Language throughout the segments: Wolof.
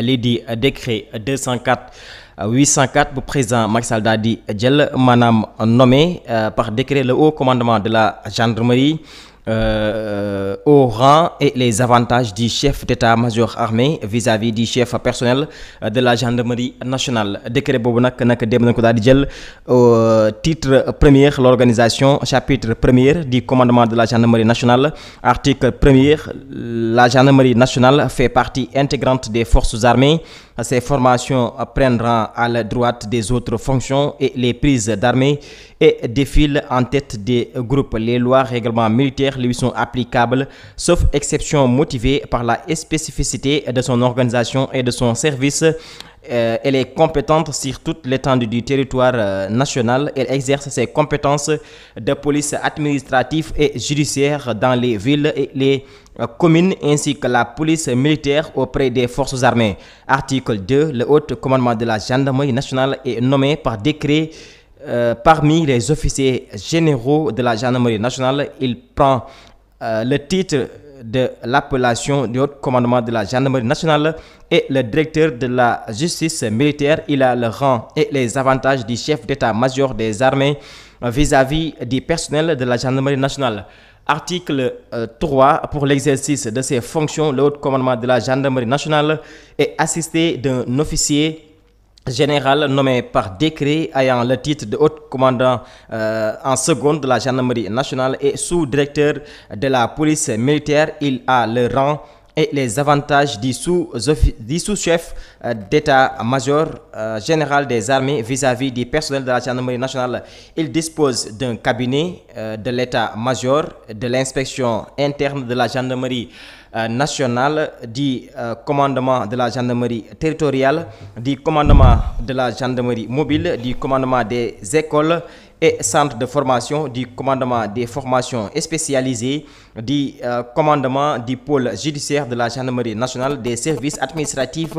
lii di décret 204 804 bu président Macky Sall di jël maanaam nommé euh, par décret la haut commandement de la gendarmerie Euh, euh au rang et les avantages du chef d'état-major armé vis-à-vis du chef personnel de la gendarmerie nationale décret boobu nag naka dem nañ ko daal di jël titre premier l'organisation chapitre premier di commandement de la gendarmerie nationale article premier la gendarmerie nationale fait partie intégrante des forces armées ses formations prennent rang à la droite des autres fonctions et les prises d'armée et défilent en tête des groupes. Les lois, règlements militaires lui sont applicables, sauf exception motivée par la spécificité de son organisation et de son service. Euh, elle est compétente sur toute l'étendue du territoire euh, national. Elle exerce ses compétences de police administrative et judiciaire dans les villes et les euh, communes ainsi que la police militaire auprès des forces armées. Article 2. Le haut commandement de la gendarmerie nationale est nommé par Euh, parmi les officiers généraux de la gendarmerie nationale, il prend euh, le titre de l'appellation du haut commandement de la gendarmerie nationale et le directeur de la justice militaire. Il a le rang et les avantages du chef d'état-major des armées vis-à-vis -vis du personnel de la gendarmerie nationale. Article euh, Pour l'exercice de ses fonctions, le commandement de la gendarmerie nationale est assisté d'un officier général nommé par décret ayant le titre de haut commandant euh, en seconde de la gendarmerie nationale et sous-directeur de la police militaire, il a le rang et les avantages du sous-chef euh, d'état-major euh, général des armées vis-à-vis -vis du personnel de la gendarmerie nationale. Il dispose d'un cabinet euh, de l'état-major de l'inspection interne de la gendarmerie Euh, nationale di euh, commandement de la gendarmerie territoriale di commandement de la gendarmerie mobile di commandement des écoles et centre de formation du commandement des formations spécialisées du euh, commandement du pôle judiciaire de la gendarmerie nationale des services administratifs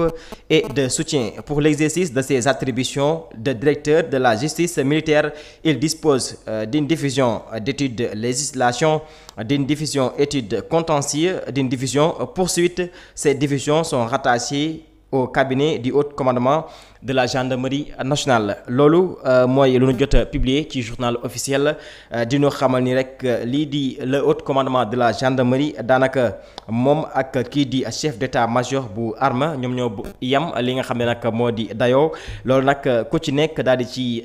et de soutien. Pour l'exercice de ses attributions de directeur de la justice militaire, il dispose euh, d'une diffusion d'études législation, d'une diffusion études contentieux, d'une diffusion poursuite. Ces diffusions sont rattachées au cabinet du haut commandement de la gendarmerie nationale loolu euh, mooy lu ñu jot a publier ci journal officiel euh, dinu xamal ni rek euh, lii di le haut commandement de la gendarmerie daanaka moom ak kii di chef d'état-major bu arme ñoom ñoo yam li nga xam ne nag moo di dayoo loolu nag ku ci nekk daal di ci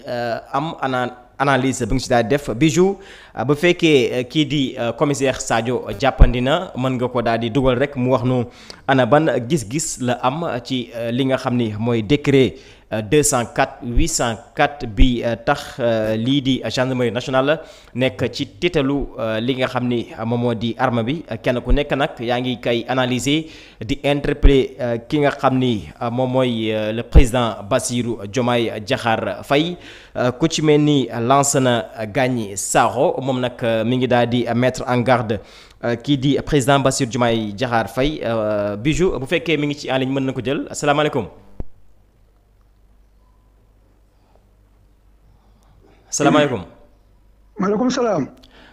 am anaan analyse bi nga si daal def bijou ah, ba fekkee eh, kii di eh, commissaire Sadio jàppandi na mën nga ko daal di dugal rek mu wax nu ana ban gis-gis la am ci eh, li nga xam ni mooy décret. 204 euh, 804 bi euh, tax euh, lii di national la nekk ci tiitalu li nga xam ni moom di arme bi kenn ku nekk nag yaa ngi kay analyser di interpeller ki nga xam ni moom mooy le président Bassirou Diomaye jaxaar Faye ku ci mel ni Lansana Gagny Sakho moom nag mi ngi daal di mettre en garde kii di président Bassirou Diomaye Diakhar bi bijou bu fekkee mi ngi ci en ligne mën na ko jël asalaamaaleykum salaamaaleykum. maaleykum salaam.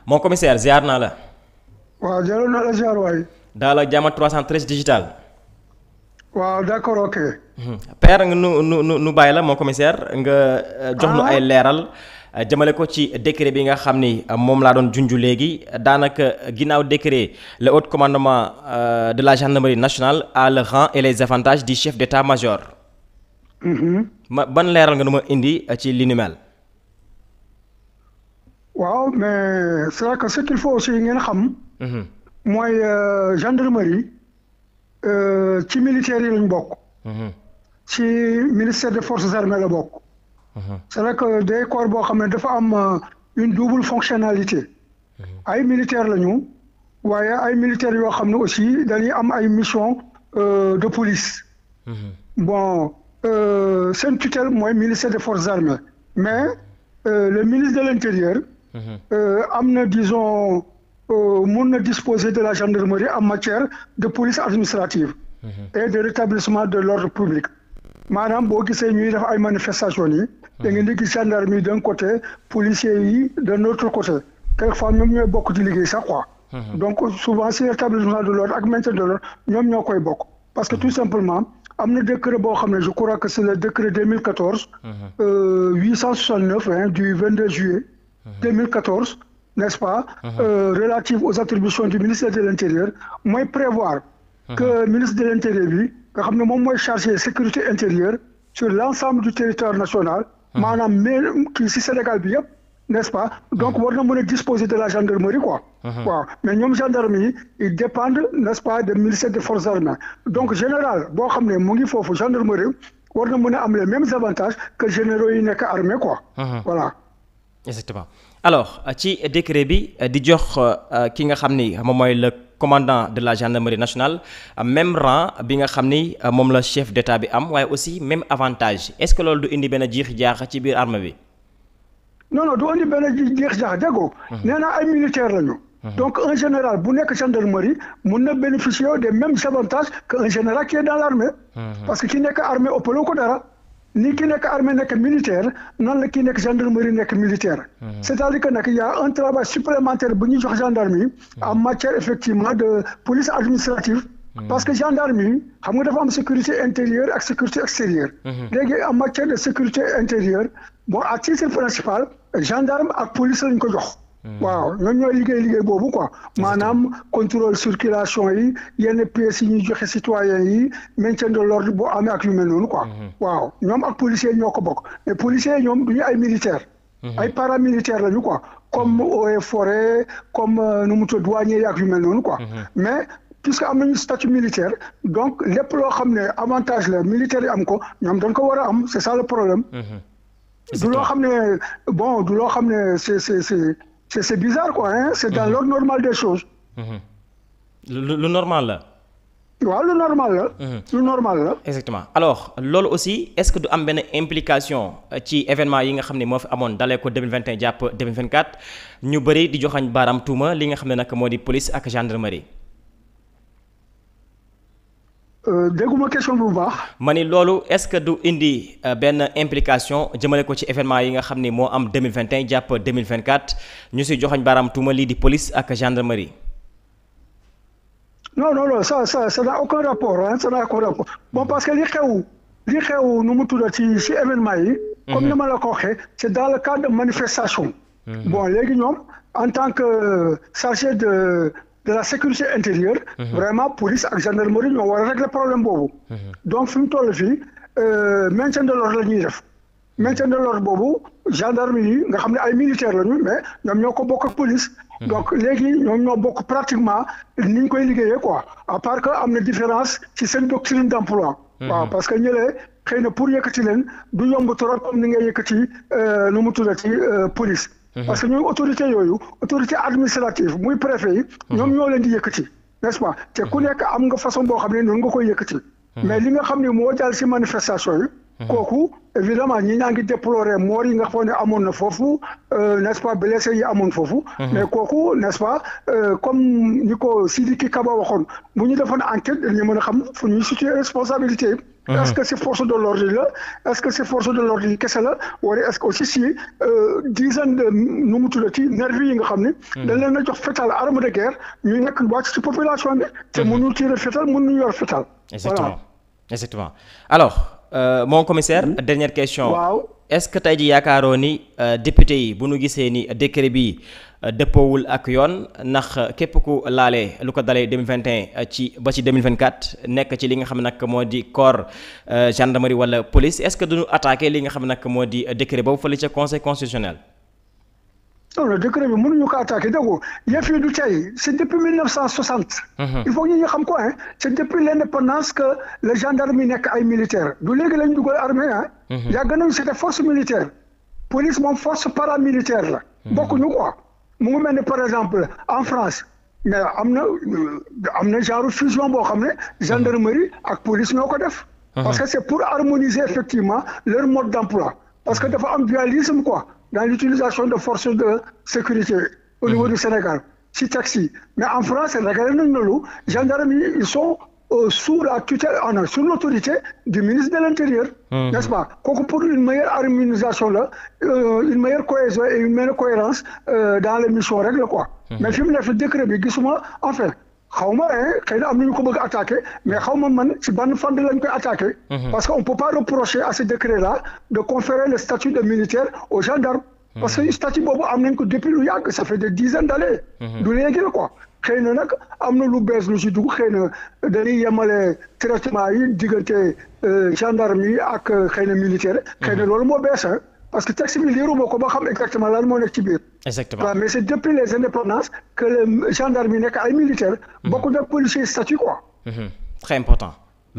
mon commissaire ziar naa la. waaw jëloon naa la ziar waay. daal la waaw d'accord ok. Hmm. père nga nu nu nu bàyyi la moo commissaire nga euh, jox nu ah. ay leeral. Euh, jëmale ko ci décret bi nga xam ni euh, moom laa doon junj léegi daanaka ginnaaw décret le haut commandement de la gendarmerie nationale a le rang et les avantages du chef d'état-major. Mm-hmm. ma ban leeral nga nu ma indi ci li waaw mais c'est que ce qu'il faut aussi ngeen xam. Mhm. mooy euh, gendarmerie euh, ci militaires yi lañ bokk. Mhm. ci ministère des forces armées la bokk. Mhm. c'est que day corps boo xam ne dafa am euh, une double fonctionnalité. ay militaires lañu waaye ay militaires yoo xam ne aussi dañuy am ay mission de police. bon seen tutelle mooy ministère des forces armées mais le ministre de l'intérieur. Euh, am na disons euh, mun na disposer de la gendarmerie en matière de police administrative. Mhm. et de rétablissement de l'ordre public. maanaam boo gisee ñuy def ay manifestations yi. da ngeen di gis gendarmerie d'un côté policiers yi d'un autre côté quelquefois ñoom ñooy bokk di liggéey sax quoi. Mhm. donc souvent si rétablissement de l'ordre ak de l'ordre ñoom ñoo koy bokk. parce que mhm. tout simplement am na décret boo xam ne je crois que c'est le décret 2014. 869 euh, du 22 juillet. 2014 n'est-ce pas uh-huh. euh, relative aux attributions du ministère de l'Intérieur mooy prévoir uh-huh. que ministre de l'Intérieur bi nga xam ne moom mooy chargé sécurité intérieure sur l'ensemble du territoire national uh-huh. maanaam mais kii si Sénégal bi yëpp n'est-ce pas donc war na mën a disposer de la gendarmerie quoi waaw mais ñoom gendarme yi ils dépendent n'est-ce pas des ministères des forces armées donc général bo xam ne mu ngi foofu gendarmerie war na mën a am les mêmes avantages que généraux yi nekk armée quoi voilà exactement alors euh, ci décret bi euh, di jox euh, ki nga xam ni moom mooy le commandant de la gendarmerie nationale même rang bi nga xam ni moom la chef d'état bi am waaye aussi même avantage est-ce que du indi benn jiix jaaxa ci biir armée bi. non non du indi benn jiix jaaxa déggoo. Mhm. nee naa ay militaire lañu. Mhm. donc un général bu nekk gendarmerie mun na bénéficier des mêmes avantages qu'un général qui est dans mhm. parce que ki nekk armée ëppaloo ko dara. ni ki nekk armée nekk militaire noonu la ki nekk gendarmerie nekk militaire. Mhm. c'est-à-dire que nag a un travail supplémentaire bu ñuy jox gendarmerie. Mhm. en matière effectivement de police administrative. Mhm. parce que gendarmerie xam nga dafa am sécurité intérieure ak sécurité extérieure. léegi en matière de sécurité intérieure bon à titre principal gendarme ak police lañ ko jox. Hmm. waaw ñoom liggéey liggéey boobu quoi maanaam contrôle circulation yi yenn pièces yi ñuy joxe citoyen yi maintien de l'ordre boo amee ak yu mel noonu quoi hmm. waaw ñoom ak policiers yi ñoo ko bokk mais policiers yi ñoom du ñu ay militaire hmm. ay paramilitaire lañu quoi comme eaux forêt comme euh, nu mu tudd douanier yi ak yu mel noonu quoi mais puisque am nañu statut militaire donc lépp loo xam ne avantage la militaire yi am ko ñoom dañ ko war a am c'est ça le problème du loo xam ne bon du loo xam ne c'est c'est c'est bizarre quoi hein c'est dans mhm. l'ordre normal des choses. Mhm. lu normal la. waaw lu normal la. Mhm. lu normal la. exactement alors loolu aussi est-ce que du am benn implication euh, ci événement yi nga xam ne moo fi amoon dalee ko 2021 jàpp 2024 ñu bëri di joxañ baaraam tuuma li nga xam ne nag moo di police ak gendarmerie. Euh, dégguma question bu baax. ma ni loolu est-ce que du indi euh, benn implication jëmale ko ci événement yi nga xam ni moo am 2021 jàpp 2024 ñu si joxoñ baaraam tuuma lii di police ak gendarmerie. non non non ça ça ça n'a aucun rapport rapport bon mm-hmm. parce que li xew li xew nu mu tudda ci ci événement yi. Mm-hmm. comme ni ma la ko waxee c'est dans le cadre de manifestation. Mm-hmm. bon léegi ñoom en tant que euh, chargé de. de la sécurité intérieure. Mhm. vraiment police ak gendarmerie ñoo war a problème boobu. Mhm. donc fi mu toll fii euh, maintien de l'ordre la ñuy def mhm. maintien de l'ordre boobu gendarmerie yi nga xam ne ay militaire lañu mais ñoom ñoo ko bokk ak police. donc léegi ñoom ñoo bokk pratiquement ni ñu koy liggéeyee quoi à part que am na différence ci seen doctrine d'emploi. waaw parce que ñëlee xëy na pour yëkkati leen du yomb trop comme ni nga yëkkati euh, nu mu tuddati euh, police. Mhm. parce que ñooy autorité yooyu autorité administrative muy préfet yi. Mhm. ñoom ñoo leen di yëkkati n'est-ce pas te ku mhm. nekk am nga façon boo xam ne noonu nga koy yëkkati. mais li nga xam ne moo jàll si manifestation yi. Mhm. kooku évidemment ñi ñaa ngi déplorer moor yi nga xam ne amoon na foofu euh, n'est-ce pas blessé yi amoon foofu mhm. mais kooku n'est-ce pas euh, comme ni ko Sidiki Kaba waxoon bu ñu defoon enquête dañu mën a xam fu ñuy situer responsabilité yi mhm. est-ce que c'est force de l'ordre la est-ce que c'est force de l'ordre yi kese la wala est-ce que aussi si euh, dizaine de nu mu tuddati nervis yi nga xam ni dañ leen a jox fetal arme de guerre ñu nekk wàcc ci population bi te mënuñu tirer fetal mënuñu yor fetal exactement exactement alors Euh, mon commissaire mmh. question waaw est-ce que tey ji yaakaaroo ni euh, député yi bu nu gisee ni décret bi euh, dëppoowul ak yoon ndax euh, képp ku laalee lu ko dalee 2021 ci ba ci 2024 nekk ci li nga xam nag moo di corps gendarmerie wala police est-ce que duñu li nga xam nag moo di décret boobu fële ca conseil constitutionnel non non décret bi mënuñu ko attaqué dégg nga yëf yi du tey c' depuis mhm. il faut ñu ñu xam ko hein c' est depuis l' indépendance que les gendarmes yi nekk ay militaires du léegi lañ dugal armée ah. yàgg nañu force militaire police moom force paramilitaire la. Mhm. bokkuñu quoi mu ngi mel ni par exemple en France mais am na euh, am na genre fusion boo xam ne gendarmerie ak police ñoo ko def. parce que c' pour harmoniser effectivement leur mode d' emploi parce que dafa am dualisme quoi. dans l'utilisation de forces de sécurité au niveau mhm. du Sénégal si taxi mais en France régler nañ loolu gendarme yi ils sont euh, sous la tutelle on sous l'autorité du ministre de l'Intérieur mhm. n'est-ce pas kooku pour une meilleure harmonisation là euh, une meilleure cohésion et une meilleure cohérence euh, dans les missions règle quoi mhm. mais fi mu nekk décret bi gisuma en xaw ma eh, xëy na am nañu ko bëgg attaqué mais xaw ma man ci ban fànn lañ koy attaqué. Mhm. parce que on peut pas reprocher à ce décret là de conférer le statut de militaire aux gendarmes. Mhm. parce que statut boobu am nañ ko depuis lu yàgg ça fait des dizaines d'années. Mhm. du léegi la quoi xëy na nag am na lu bees lu si dugg xëy na dañuy yemale traitement yi diggante euh, gendarme yi ak euh, xëy na militaire. xëy na loolu moo bees parce que texte bi liiruma ko ba xam exactement lan moo nekk ci exactement mais c'est depuis les indépendances que les gendarmes yi nekk ay militaires. Mhm. beaucoup de policiers statut mhm. très important.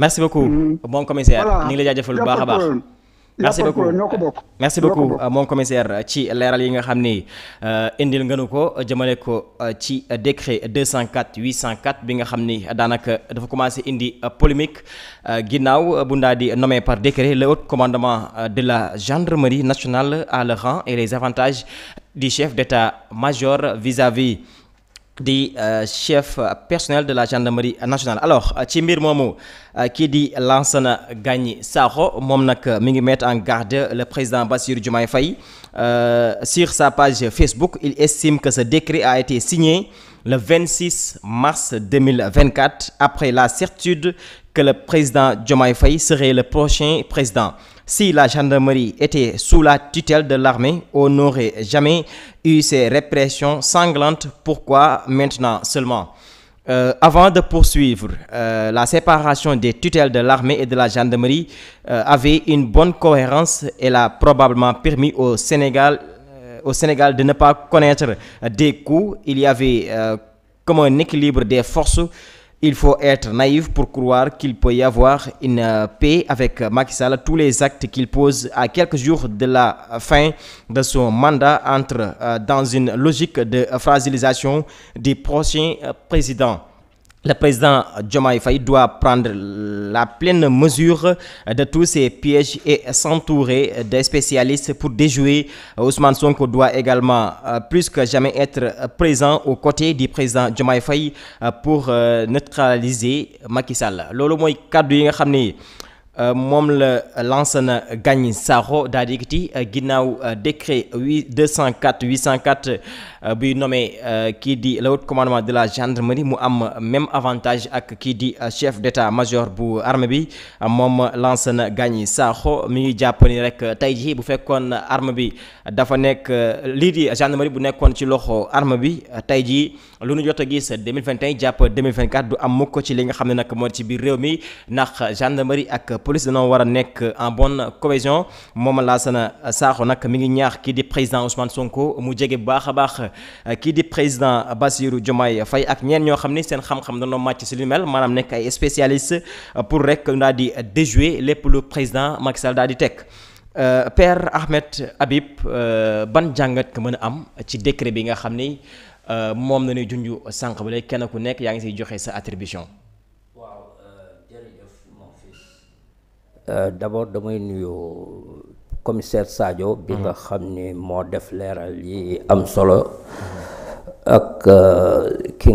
merci beaucoup. Mhm. bon commissaire ñu ngi lay jaajëfal a baax. merci beaucoup ñoo ko bokk merci moom commissaire ci leeral yi nga xam ni euh, indil nga nu ko jëmale ko euh, ci décret 204 804 bi nga xam ni daanaka dafa commencé indi euh, polémique ginnaaw bu ndaa di nommé par décret le haut commandement de la gendarmerie nationale à le rang et les avantages du chef d'état-major vis-à-vis di euh, chef euh, personnel de la gendarmerie nationale alors euh, ci mbir moomu kii di Lansana Gagny Sakho moom nag mi ngi mettre en garde le président Bassirou Diomaye fay sur sa page Facebook il estime que ce décret a été signé le 26 mars 2024 après la certitude que le président Diomaye Faye serait le prochain président. Si la gendarmerie était sous la tutelle de l'armée, on n'aurait jamais eu ces répressions sanglantes. Pourquoi maintenant seulement? Euh, de poursuivre, euh, la séparation des tutelles de l'armée et de la gendarmerie euh, avait une bonne cohérence et l'a probablement permis au Sénégal au Sénégal de ne pas connaître des coups il y avait euh, comme un équilibre des forces il faut être naïf pour croire qu'il peut y avoir une euh, paix avec Macky Sall. Tous les actes qu'il pose à quelques jours de la fin de son mandat entrent euh, dans une logique de fragilisation du prochain euh, président. Le président Diomaye Faye doit prendre la pleine mesure de tous ces pièges et s'entourer des spécialistes pour déjouer. Ousmane Sonko doit également euh, plus que jamais être présent aux côté di président Diomaye Faye euh, pour euh, neutraliser Macky Sall loolu mooy kàddu yi nga xam ni Euh, moom la Lansana Gagny Sakho daal di yëkkati euh, ginnaaw euh, décret 204 804 buy nommé kii di le haut commandement de la gendarmerie mu am même avantage ak kii di chef d'état-major bu armée bi moom na Gagny Sakho mi ngi jàpp ni rek tey jii bu fekkoon armée bi dafa nekk lii di gendarmerie bu nekkoon ci loxo armée bi tey jii lu nu jot a gis 2021 jàpp 2024 du am mukk ci li nga xam ne nag moo ci biir réew mi ndax gendarmerie ak. police dañoo war a nekk en bonne cohésion moom Lassana Sakho nag mi ngi ñaax kii di président Ousmane Sonko mu jege bu baax a baax kii di président Bassirou Diomaye fay ak ñeen ñoo xam ni seen xam-xam dañoo màcc si lu mel maanaam nekk ay spécialiste pour rek daal di déjouer lépp lu président Macky Sall daal di teg. Euh, Père Ahmed Habib euh, ban jàngat ko mën a am ci décret bi nga xam ni euh, moom na ñuy junj sànq ba léegi kenn ku nekk yaa ngi siy joxe sa attribution. Euh, d'abord damay nuyu commissaire Sadio. bi nga mm-hmm. xam ni moo def leeral yi am solo. ak euh, ki